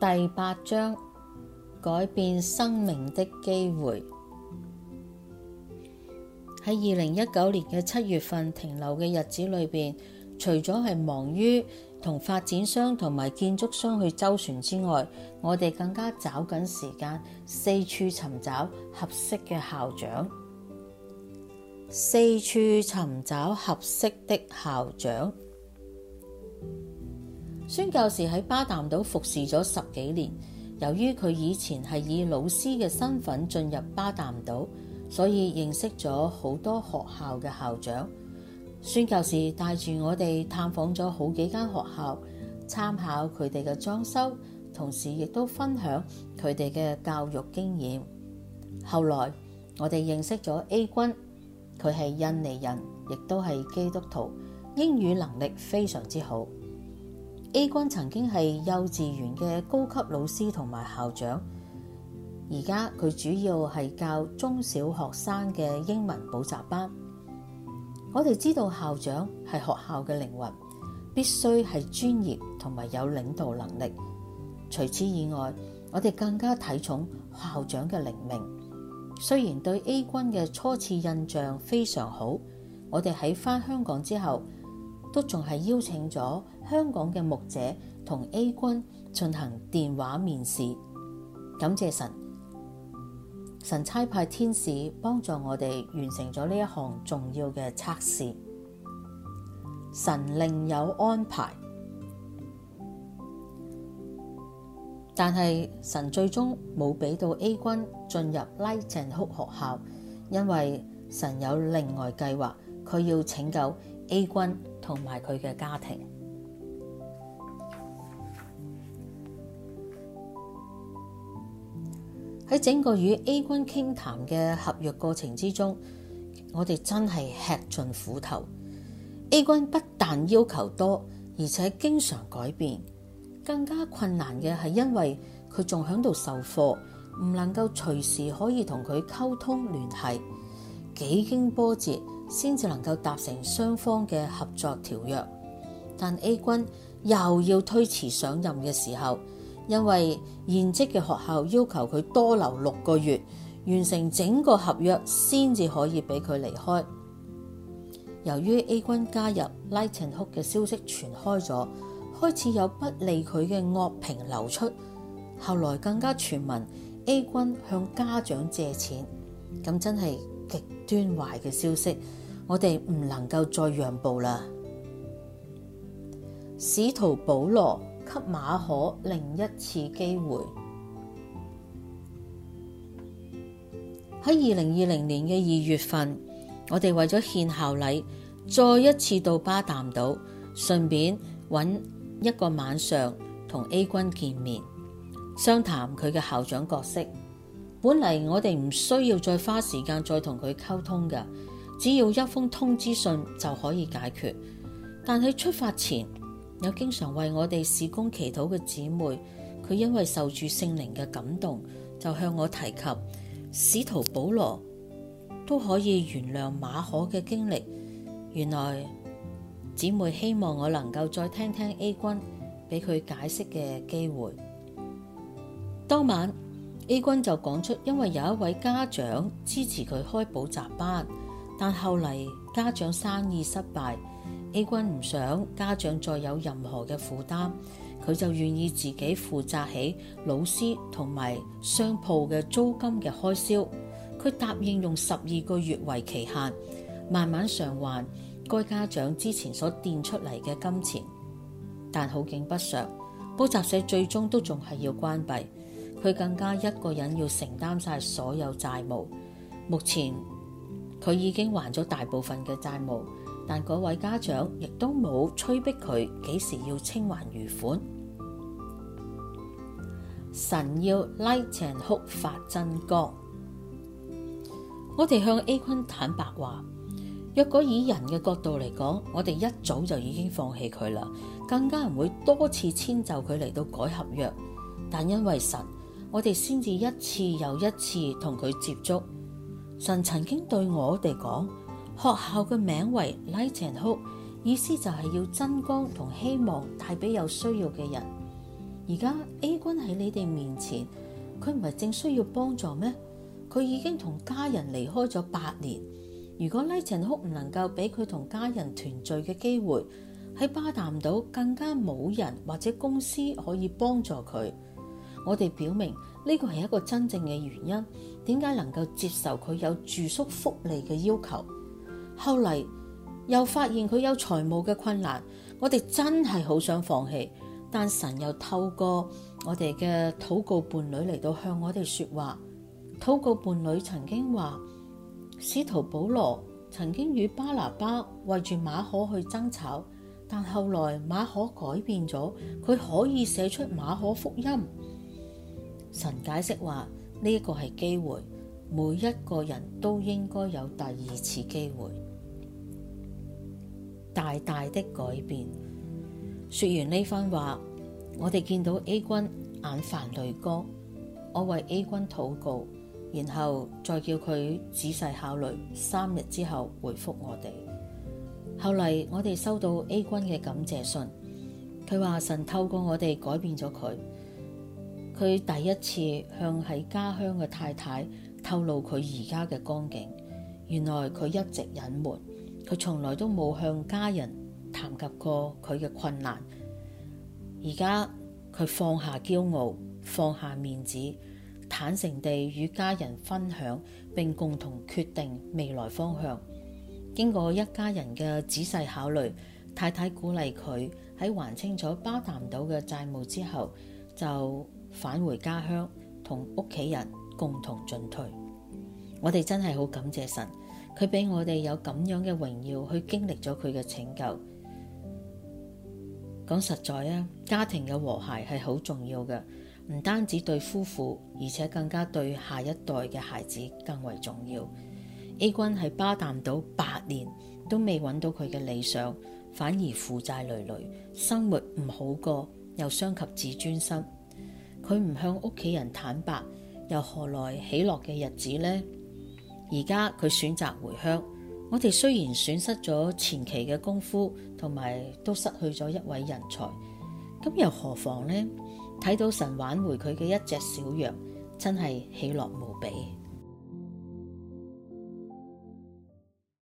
第八章改變生命的機會。喺二零一九年嘅七月份停留嘅日子裏邊，除咗係忙於同發展商同埋建築商去周旋之外，我哋更加找緊時間四處尋找合適嘅校長，四處尋找合適的校長。宣教士喺巴淡島服侍咗十幾年，由於佢以前係以老師嘅身份進入巴淡島，所以認識咗好多學校嘅校長。宣教士帶住我哋探訪咗好幾間學校，參考佢哋嘅裝修，同時亦都分享佢哋嘅教育經驗。後來我哋認識咗 A 君，佢係印尼人，亦都係基督徒，英語能力非常之好。A 君曾經係幼稚園嘅高級老師同埋校長，而家佢主要係教中小學生嘅英文補習班。我哋知道校長係學校嘅靈魂，必須係專業同埋有領導能力。除此以外，我哋更加睇重校長嘅靈命。雖然對 A 君嘅初次印象非常好，我哋喺返香港之後，都仲係邀請咗香港嘅牧者同 A 君，進行電話面試，感謝神，神差派天使幫助我哋完成咗呢一項重要嘅測試。神另有安排，但係神最終冇俾到 A 君進入拉淨哭學校，因為神有另外計劃，佢要拯救。A 君同埋佢嘅家庭喺整個與 A 君傾談嘅合約過程之中，我哋真係吃盡苦頭。A 君不但要求多，而且經常改變。更加困難嘅係因為佢仲響度售貨，唔能夠隨時可以同佢溝通聯繫。幾經波折，先至能夠達成雙方嘅合作條約，但 A 君又要推遲上任嘅時候，因為現職嘅學校要求佢多留六個月，完成整個合約先至可以俾佢離開。由於 A 君加入 Lightning Club 嘅消息傳開咗，開始有不利佢嘅惡評流出，後來更加傳聞 A 君向家長借錢，咁真係。極端壞嘅消息，我哋唔能夠再讓步啦！使徒保羅給馬可另一次機會。喺二零二零年嘅二月份，我哋為咗獻校禮，再一次到巴淡島，順便揾一個晚上同 A 君見面，商談佢嘅校長角色。本嚟我哋唔需要再花時間再同佢溝通嘅，只要一封通知信就可以解決。但喺出發前，有經常為我哋事工祈禱嘅姊妹，佢因為受住聖靈嘅感動，就向我提及使徒保羅都可以原諒馬可嘅經歷。原來姊妹希望我能夠再聽聽 A 君俾佢解釋嘅機會。當晚。A 君就講出，因為有一位家長支持佢開補習班，但後嚟家長生意失敗，A 君唔想家長再有任何嘅負擔，佢就願意自己負責起老師同埋商鋪嘅租金嘅開銷。佢答應用十二個月為期限，慢慢償還該家長之前所墊出嚟嘅金錢。但好景不常，補習社最終都仲係要關閉。佢更加一個人要承擔晒所有債務。目前佢已經還咗大部分嘅債務，但嗰位家長亦都冇催逼佢幾時要清還餘款。神要拉長哭發真光，我哋向 A 君坦白話：若果以人嘅角度嚟講，我哋一早就已經放棄佢啦，更加唔會多次遷就佢嚟到改合約。但因為神。我哋先至一次又一次同佢接觸。神曾經對我哋講：學校嘅名為 Light and Hope，意思就係要真光同希望帶俾有需要嘅人。而家 A 君喺你哋面前，佢唔係正需要幫助咩？佢已經同家人離開咗八年。如果 Light and Hope 唔能夠俾佢同家人團聚嘅機會，喺巴淡島更加冇人或者公司可以幫助佢。我哋表明呢個係一個真正嘅原因，點解能夠接受佢有住宿福利嘅要求。後嚟又發現佢有財務嘅困難，我哋真係好想放棄，但神又透過我哋嘅禱告伴侶嚟到向我哋說話。禱告伴侶曾經話：使徒保羅曾經與巴拿巴為住馬可去爭吵，但後來馬可改變咗，佢可以寫出馬可福音。神解釋話呢、這個係機會，每一個人都應該有第二次機會，大大的改變。說完呢番話，我哋見到 A 君眼泛淚光，我為 A 君禱告，然後再叫佢仔細考慮，三日之後回復我哋。後嚟，我哋收到 A 君嘅感謝信，佢話神透過我哋改變咗佢。佢第一次向喺家鄉嘅太太透露佢而家嘅光景，原來佢一直隱瞞，佢從來都冇向家人談及過佢嘅困難。而家佢放下驕傲，放下面子，坦誠地與家人分享，並共同決定未來方向。經過一家人嘅仔細考慮，太太鼓勵佢喺還清楚巴淡島嘅債務之後就。返回家鄉，同屋企人共同進退。我哋真係好感謝神，佢俾我哋有咁樣嘅榮耀去經歷咗佢嘅拯救。講實在啊，家庭嘅和諧係好重要嘅，唔單止對夫婦，而且更加對下一代嘅孩子更為重要。A 君喺巴淡島八年都未揾到佢嘅理想，反而負債累累，生活唔好過，又傷及自尊心。佢唔向屋企人坦白，又何來喜樂嘅日子呢？而家，佢選擇回鄉，我哋雖然損失咗前期嘅功夫，同埋都失去咗一位人才，咁又何妨呢？睇到神挽回佢嘅一隻小羊，真係喜樂無比。